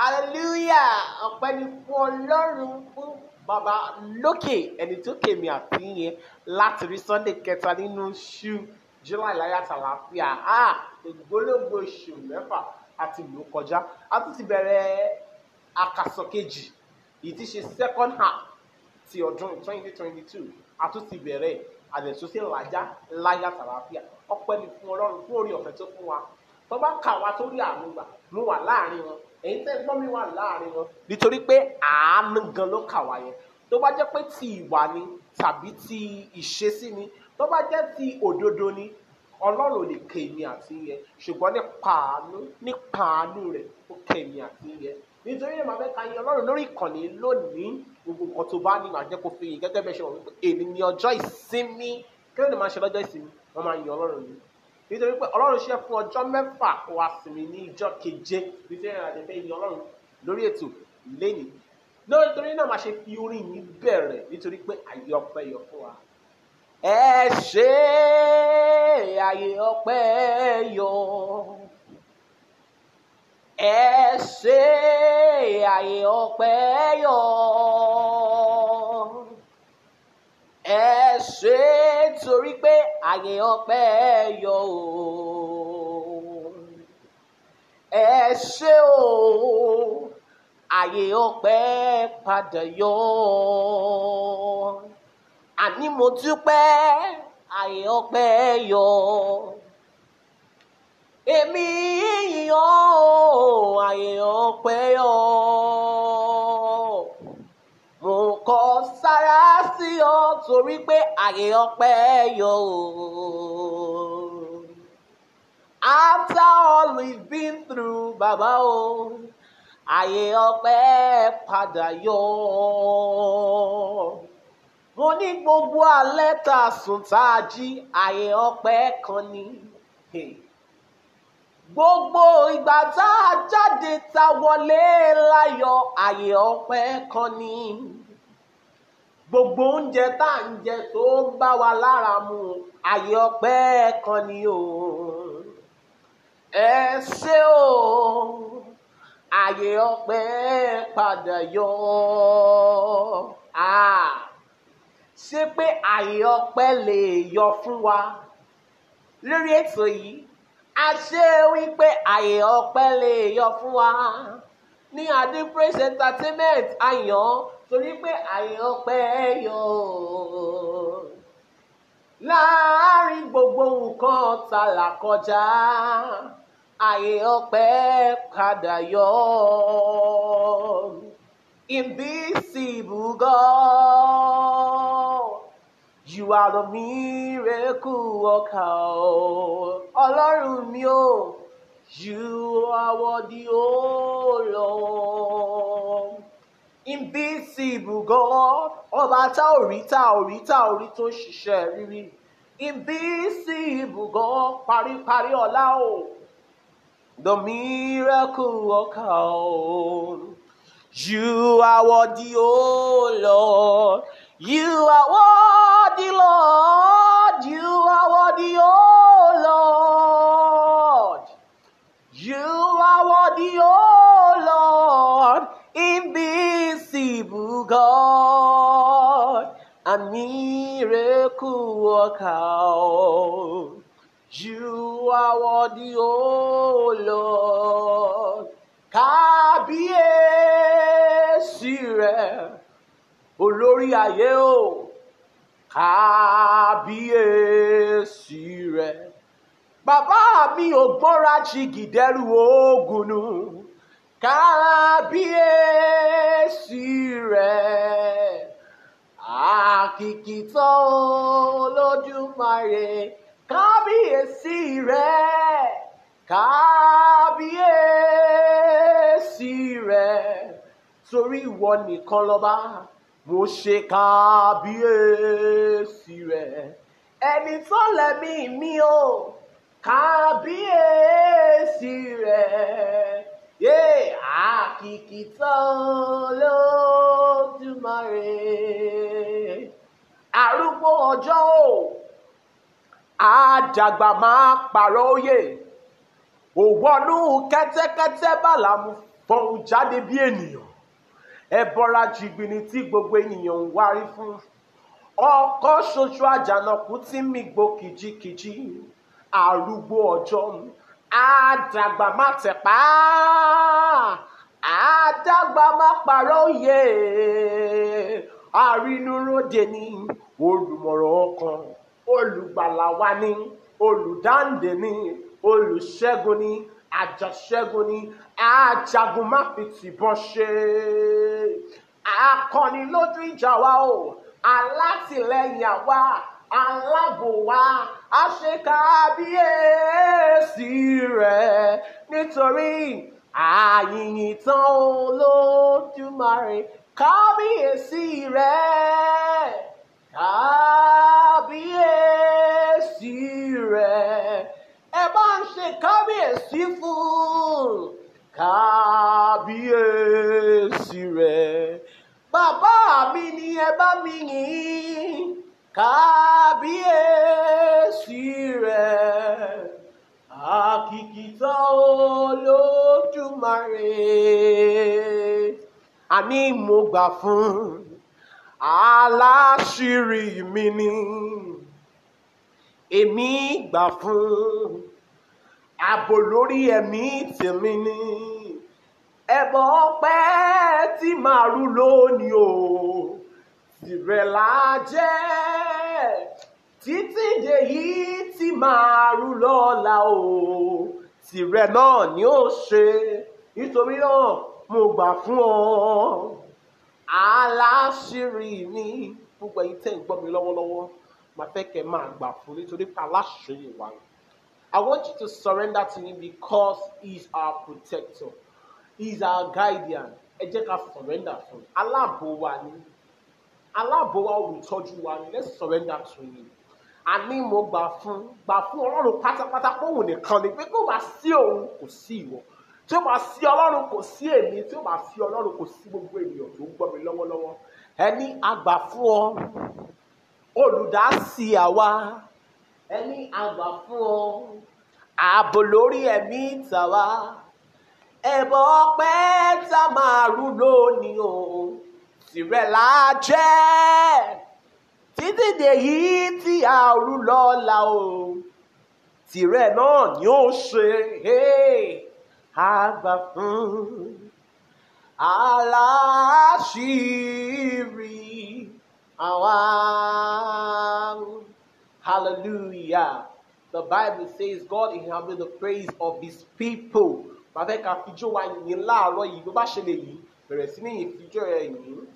hallelujah ọpẹ́ ni fún Ọlọ́run fún bàbá lókè ẹni tó kèmí àti yẹn láti rí Sunday kẹta nínú ṣú July láyé àtàlàáfíà ògbólógbò oṣù mẹ́fà àti ìlú kọjá a tún ti bẹ̀rẹ̀ àkàsọ̀ kejì èyí ti ṣe second half ti ọdún twenty twenty two a tún ti bẹ̀rẹ̀ àdẹ̀túnṣe làjá láyé àtàlàáfíà ọpẹ́ ni fún Ọlọ́run fún orí ọ̀fẹ́ tó fún wa tó bá kà wá tó rí àánú mú wà láàrin wọn èyí tẹ́ gbọ́ mi wà láàrin wọn nítorí pé àánú gan ló kà wá yẹn tó bá jẹ́ pé ti ìwà ni tàbí ti ìṣesí ni tó bá jẹ́ ti òdodo ni ọlọ́run lè kè mí àti yẹ ṣùgbọ́n nípa àánú nípa àánú rẹ̀ ó kè mí àti yẹ nítorí ẹ̀ máa fẹ́ ka yín ọlọ́run lórí ìkànnì lónìí gbogbo nǹkan tó bá ní màá jẹ́ kó fi yín gẹ́gẹ́ bẹ́ẹ̀ ṣe wọ̀ wípé èmi ni ọjọ́ ìsinmi kí ló lè máa ṣe lọ́jọ́ ìsinmi wọ́n máa yin ọlọ́run ni nítorí pé ọlọ́run ṣe fún ọjọ́ mẹ́fà kó wá sinmi ní ìjọ keje nítorí àdẹ́fẹ́ yìí ọlọ́run lórí ètò lẹ́yìn nítorí náà máa ṣe fi orin yìí bẹ̀rẹ̀ nítorí pé ayé ọpẹ́ yọ fún wa. ẹ ṣe ayé ọpẹ́ yọ ẹ ṣe ayé ọpẹ́ yọ. ààyè ọpẹ́ yọ ẹ ṣé o ààyè ọpẹ́ padà yọ àní mo dúpẹ́ ààyè ọpẹ́ yọ èmi yíyan o ààyè ọpẹ́ yọ kọ sára sí ọ torí pé àyè ọpẹ́ yọ o. After all we've been through, Baba o, àyè ọpẹ́ padà yọ. Mo ní gbogbo alẹ́ tá a sùn tá a jí, àyè ọpẹ́ kan ni. Gbogbo ìgbà tá a jáde tá wọlé láyọ̀, àyè ọpẹ́ kan ni gbogbo oúnjẹ tá à ń jẹ tó bá wa lára mu ayé ọpẹ́ kan ni o ẹ ṣé o ayé ọpẹ́ padà yọ ṣé pé ayé ọpẹ́ lè yọ fún wa lórí ètò yìí a ṣe wípé ayé ọpẹ́ lè yọ fún wa ní adé praise entertainment ayàn torí pé àyànpẹ́ yọ láàárín gbogbo nǹkan tá là kọjá àyànpẹ́ padà yọ invisible God you are the miracle worker oh. ọlọ́run mi o oh. you are worthy o oh Lord. Invisible God, ọba tá ò rí tá ò rí tá ò rí tó ń ṣiṣẹ́ rírí. Invisible God, paríparí ọlá o. The miracle worker o. You are worthy, O Lord. You are worthy. lórí ayé o kábíyèsí rẹ bàbá mi ò gbọ́ra jìgìdẹ́rù oògùn nù kábíyèsí rẹ àkìkìtọ́ olódùmarè kábíyèsí rẹ kábíyèsí rẹ torí ìwọ nìkan lọ́ba mo ṣe kábíyèsí rẹ ẹni tó lẹ́mí mi ò kábíyèsí rẹ yé àkìkìtàn lódùmarè arúgbó ọjọ́ ò àdàgbà máa pààrọ̀ òye òwọ́nú kẹ́tẹ́kẹ́tẹ́ bàlámù fọ̀hún jáde bí ènìyàn ẹbọra jìgbìnì tí gbogbo ènìyàn ń wárí fún ọkọ ṣoṣo àjànàkú tí mi gbó kìjikìji arúgbó ọjọ́ àdàgbà má tẹ̀pá àdàgbà má parọ́ òye àrínúróde ni olùmọ̀ràn ọkàn olùgbàlà wa olùdáǹdè ni olùṣẹ́gun ni àjàṣẹ́gun ni ajagun má fi tìbọn ṣe akọni lójú ìjà wa o alátìlẹyìn àwa aláàbò wa àṣekábíyèsí rẹ nítorí àyìnyìn tán Olódùmarè kábíyèsí rẹ kábíyèsí rẹ bá ń ṣe kábíyèsí fún kábíyèsí rẹ bàbá mi ni ẹ bá mi yìn kábíyèsí rẹ àkìkìtà olódùmarè àní mo gbà fún aláṣírí mi ni èmi gbà fún ààbò lórí ẹ̀mí tèmi ni ẹbọ ọpẹ́ tí màá rú lónìí o tìrẹ lájẹ títí dé yìí tí màá rú lọ́la o tìrẹ náà ni ó ṣe nítorí náà mo gbà fún ọ aláṣírí ni gbogbo ẹ̀yin tẹ́ ń gbọ́ mi lọ́wọ́lọ́wọ́ màá fẹ́ kẹ́ máa gbà fún nítorí pé aláṣẹ ìwà rẹ. I want you to surrender to Him because He's our protector. He's our guardian. Ẹ jẹ́ ká surrender to Him. Aláàbò wa ni. Aláàbò wa olùtọ́jú wa ni. Let's surrender to Him. Àní mo gbà fún gbà fún Ọlọ́run pátápátá pé òun nìkan ni pé kó bá sí òun kò sí ìwọ. Tí ó bá sí Ọlọ́run kò sí èmi. Tí ó bá sí Ọlọ́run kò sí gbogbo ènìyàn tó ń gbọ́ mi lọ́wọ́lọ́wọ́. Ẹni àgbà fún ọ. Olùdásí àwa ẹni àgbà fún ọ. ààbò lórí ẹ̀mí tàwa ẹ̀bọ̀ ọpẹ́ tá máa rú lónìí o tìrẹ là á jẹ́ títí dèyí tí a rú lọ́la o tìrẹ náà ni ó ṣe àgbà fún aláṣírí àwa. Hallelujah. The Bible says God having the praise of his people. Bàbá ẹ̀ka fijó wa yìnyín láàárọ̀ yìí bó bá ṣe yìí bẹ̀rẹ̀ sí ní ìfijó rẹ̀ yìnyín.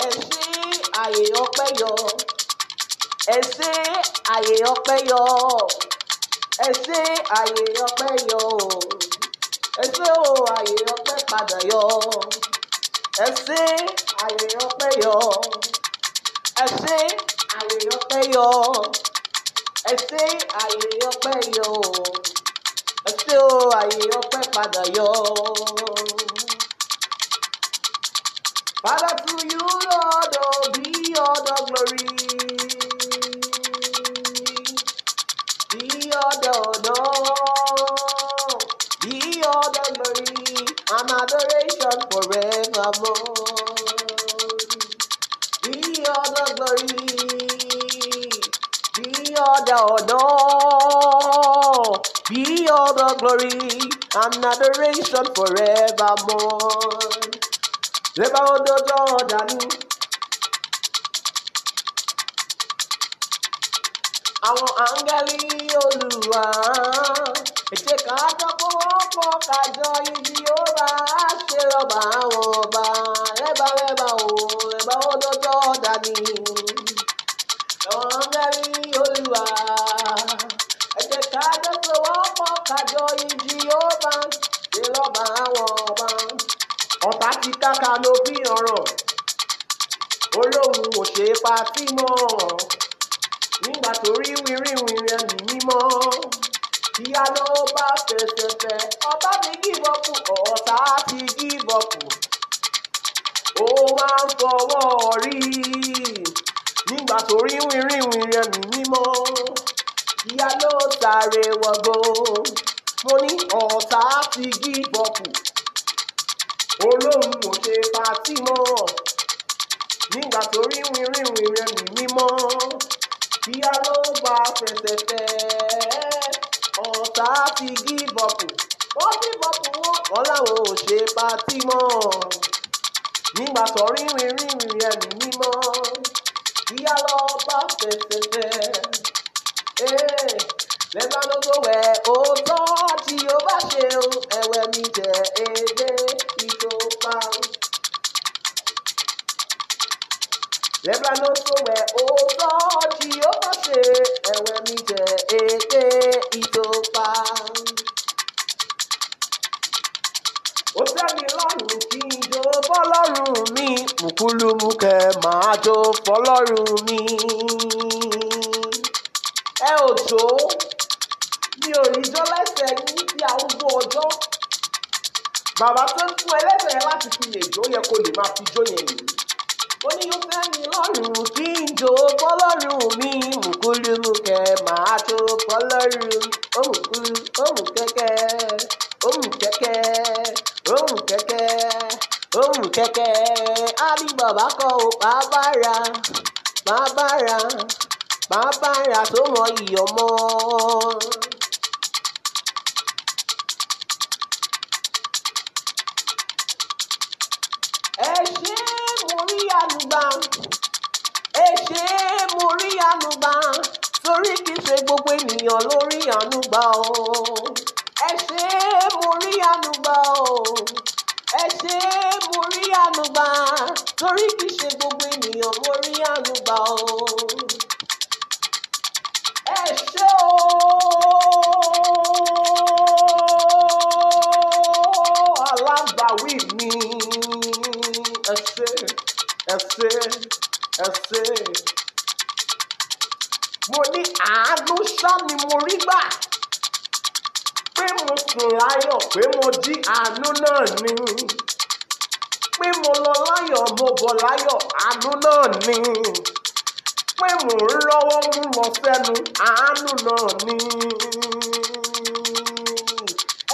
Ẹ ṣí àyè ọpẹ́ yọ. Ẹ ṣí àyè ọpẹ́ yọ. Ẹ ṣí àyè ọpẹ́ yọ ẹsẹ o ayé ọpẹ́ padà yọ ẹsẹ ayé ọpẹ́ yọ ẹsẹ ayé ọpẹ́ yọ ẹsẹ ayé ọpẹ́ yọ ẹsẹ o ayé ọpẹ́ padà yọ. Father, to you, Lord, oh, be all the glory. Lord. Be all the glory. Be all the honor. Be all the glory and adoration forevermore. Leba ododo Jordan. àwọn áńgẹ́lì olùwà ètè ká dọ́kọ̀wọ́pọ̀ kájọ ibi ó bá a ṣe lọ́ba àwọn ọba rẹ́bà rẹ́bà ò rẹ́bà ó dọ́jọ́ dání. àwọn áńgẹ́lì olùwà ètè ká dọ́kọ̀wọ́pọ̀ kájọ ibi ó bá a ṣe ọ̀tá ti káka ló fi hàn rọ̀ olóhùn òṣèpá tí mọ́ ọ nígbà tó rí wíwíwìn rẹ̀ ní mímọ́ ìyá ló bá fẹsẹ̀fẹ̀ ọba mi gíbọ̀pù ọ̀tá ti gíbọ̀pù ó máa ń fọwọ́ rí nígbà tó rí wíwíwìn rẹ̀ ní mímọ́ ìyá ló sáré wọgbó mo ní ọ̀tá ti gíbọ̀pù olóhùn ò ṣe pàtí mọ́ nígbà tó rí wíwíwìn. Timon nígbà tó rí rìnrìn. mi lọ́rùn kí n jó fọlọ́run mi mùkúlùmùkẹ́ máa jó fọlọ́run mi. ẹ ò tó mi ò ní jó lẹ́sẹ̀ ní ti àwùjọ ọjọ́ bàbá tó ń fún ẹlẹ́sẹ̀ yẹn láti fi lè jó yẹ kó lè máa fi jó yẹn yìí. ó ní yóò fẹ́ mi lọ́rùn kí n jó fọlọ́run mi mùkúlùmùkẹ́ máa jó fọlọ́run ó mùkúlù ó mùkẹ́kẹ́ ó mùkẹ́kẹ́ kẹ̀kẹ́ àbí bàbá kọ́ ò máa bára máa bára máa bára tó mọ iyọ̀ mọ́. ẹ ṣe mo rí àlùbá ẹ ṣe mo rí àlùbá torí ṣe gbogbo ènìyàn lórí àlùbá o ẹ ṣe àlùbá o ẹ ṣe é mo rí àánú gbà torí kì í ṣe gbogbo ènìyàn mo rí àánú o. ẹ ṣé o. alágbàwí mi ẹ ṣé ẹ ṣé ẹ ṣé mo ní àánú ṣá ni mo rí gbà láyọ̀ pé mo jí àánú náà ni pé mo lọ láyọ̀ mo bọ̀ láyọ̀ àánú náà ni pé mò ń lọ́wọ́ mú lọ sẹ́nu àánú náà ni.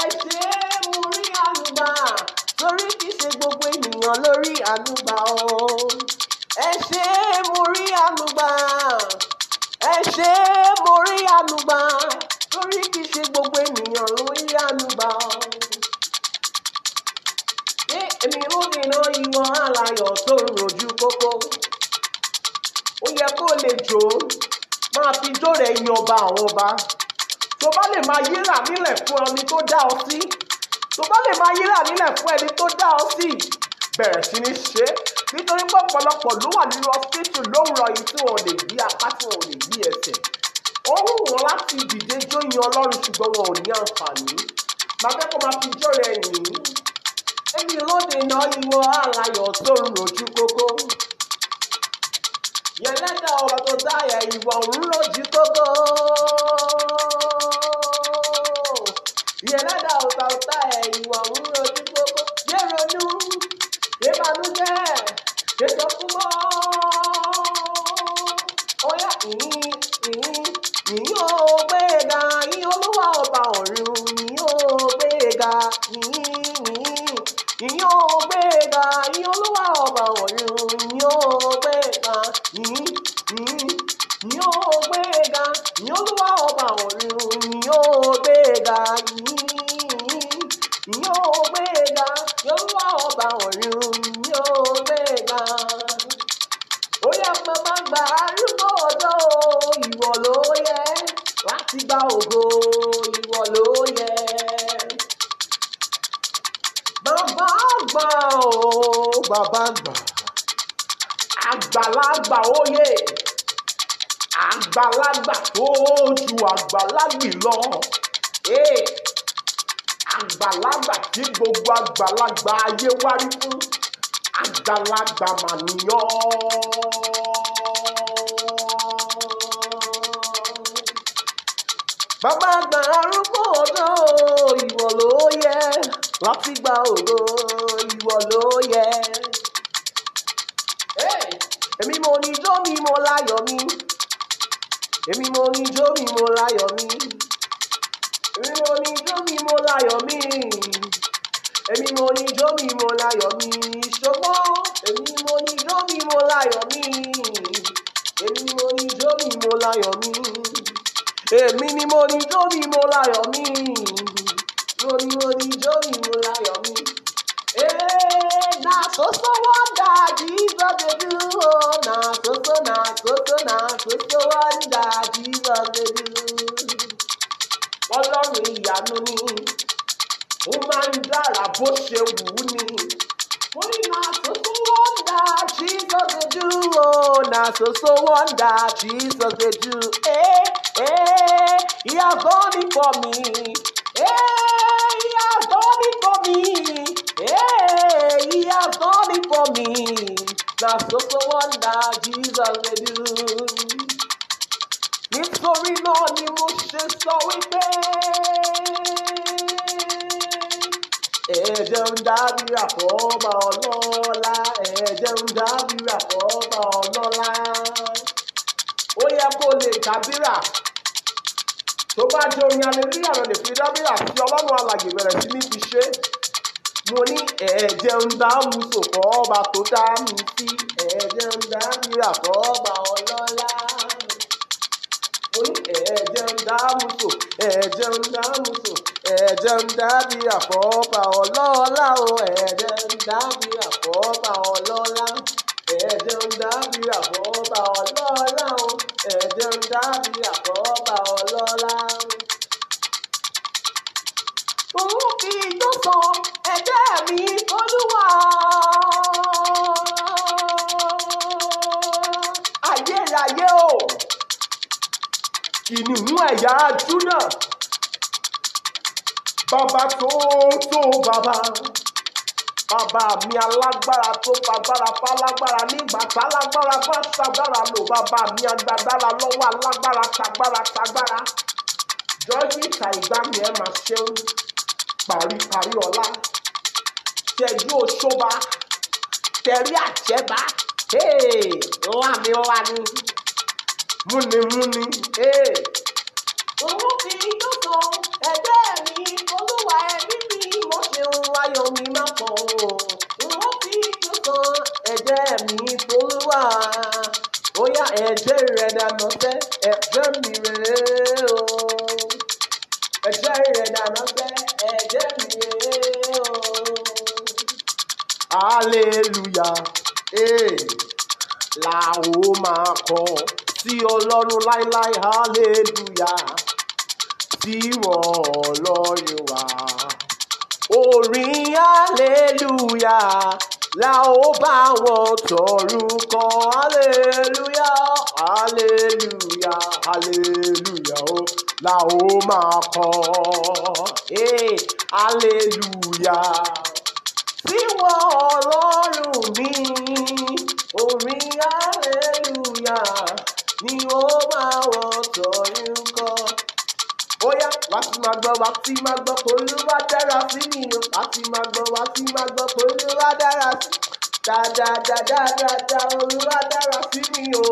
ẹ ṣe é mo rí àlùbà torí kì í ṣe gbogbo ènìyàn lórí àlùbà o. ẹ ṣe é mo rí àlùbà ẹ ṣe é mo rí àlùbà. ẹ̀yin ọba àwọn ọba tó bá lè máa yíra nílẹ̀ fún ẹni tó dá ọ sí tó bá lè máa yíra nílẹ̀ fún ẹni tó dá ọ sí bẹ̀rẹ̀ sí ní ṣe nítorí pé ọ̀pọ̀lọpọ̀ ló wà nínú ọ́sítù lówùrọ̀ yìí tí wọn ò lè gbé apá tí wọn ò lè gbé ẹsẹ̀ ó wù wọn láti dìde jóyin ọlọ́run ṣùgbọ́n wọn ò ní àǹfààní màbẹ́ kó máa fi jọ́rẹ̀ ẹ̀yìn èmi lóde náà ìwọ àlàyé ọ̀tọ́run ojú kókó yẹlẹ́dà ọba tó dáyà ìwà òun lòdì tó tó. yẹlẹ́dà ọba tó dáyà ìwà òun lòdì tó tó. yẹ́rọ̀nù ìbànújẹ́ ètò fún mọ́. bàbá àgbà. àgbàlagbà oyè àgbàlagbà tó ju àgbàlagbì lọ àgbàlagbà tí gbogbo àgbàlagbà ayé wárí fún àgbàlagbà màníyàn. bàbá àgbà arúgbó ọ̀dọ́ ìwọ ló yẹ láti gba òdo ìwọ ló yẹ èmi mo ní jó mi mo láyọ̀ mi èmi mo ní jó mi mo láyọ̀ mi èmi mo ní jó mi mo láyọ̀ mi èmi mo ní jó mi mo láyọ̀ mi ṣògbọ́ èmi mo ní jó mi mo láyọ̀ mi èmi mo ní jó mi mo láyọ̀ mi èmi ni mo ní jó mi mo láyọ̀ mi. na so so wonder Jesus dey do. Hey, oh, hey, eh, eh, he has done it for me. Hey, eh, he has done it for me. Hey, he has done it for me. Na so so wonder Jesus dey do. Nítorí náà must mo ṣe sọ wípé ẹ̀jẹ̀ ń dábì àfọ́mà ọlọ́lá ẹ̀jẹ̀ ń dábì àfọ́mà ọlọ́lá ó yẹ kó lè kábírà tó bá jẹ orin aleluya rẹ lè fi dábìrà tí ọlọ́run alàgbè bẹ̀rẹ̀ sí ní fi ṣe mo ní ẹ̀jẹ̀ ń dáhùn sòkọ́ ọba tó sí ẹ̀jẹ̀ ń dábìrà ọlọ́lá mo ní ẹ̀jẹ̀ ń dáhùn sò ẹ̀jẹ̀ ń dábì àfọ́fà ọlọ́ọ̀lá o ẹ̀jẹ̀ ń dábì àfọ́fà ọlọ́ọ̀lá ẹ̀jẹ̀ ń dábì àfọ́fà ọlọ́ọ̀lá o ẹ̀jẹ̀ ń dábì àfọ́fà ọlọ́ọ̀lá. òun fi ijó sọ ẹ̀jẹ̀ mi olúwa. ayérayé o kìnìún ẹ̀yà júnà bàbá tó tó bàbá bàbá mi alágbára tó fagbára fálágbára nígbà tálágbára bá ṣàgbára lò bàbá mi agbádára lọ́wọ́ alágbára tagbára tagbára jọ́jú ìta ìgbàgbé ẹ̀ máa ṣeun paríparí ọ̀la ṣẹ́jú òṣòba tẹ̀rí àjẹbá ńlá mi ńlá ni múnimúni. Òun fi tó so ẹgbẹ́. ìrántí kan ẹ̀jẹ̀ mi tó wà ó yá ẹ̀jẹ̀ rẹ̀ dànù sẹ́ ẹ̀jẹ̀ mi rèé o ẹ̀jẹ̀ rẹ̀ dànù sẹ́ ẹ̀jẹ̀ mi rèé o hallelujah hey. làwọn máa kọ sí ọlọ́run láíláí hallelujah tí wọ́n ọlọ́run wà orin aleluya la ó bá wọn tọrúkọ aleluya aleluya aleluya o la ó máa kọ ee aleluya sí wọn ọlọ́run mi orin aleluya ni ó bá wọn tọrúkọ ó yá wá sí máa gbọ́ wá sí máa gbọ́ pé olúwa dára sí mi nù wá sí máa gbọ́ wá sí máa gbọ́ pé olúwa dára sí dáadáadáadáa olúwa dára sí mi o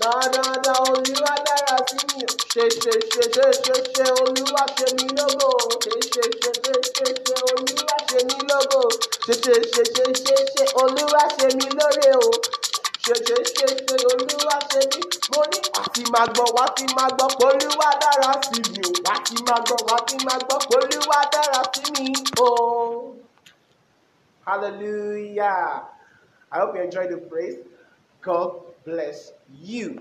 dáadáadáa olúwa dára sí mi o ṣe ṣe ṣe ṣe ṣe ṣe olúwa ṣe mí lógo ṣe ṣe ṣe ṣe ṣe ṣe olúwa ṣe mí lógo ṣe ṣe ṣe ṣe ṣe ṣe olúwa ṣe mí lóore o. ṣèṣe olúwa ṣe mo ní àti máa gbọ́ wá ti máa gbọ́ dára sí mi o wá ti máa gbọ́ wá ti máa gbọ́ dára sí mi o. Hallelujah. I hope you enjoyed the praise. God bless you.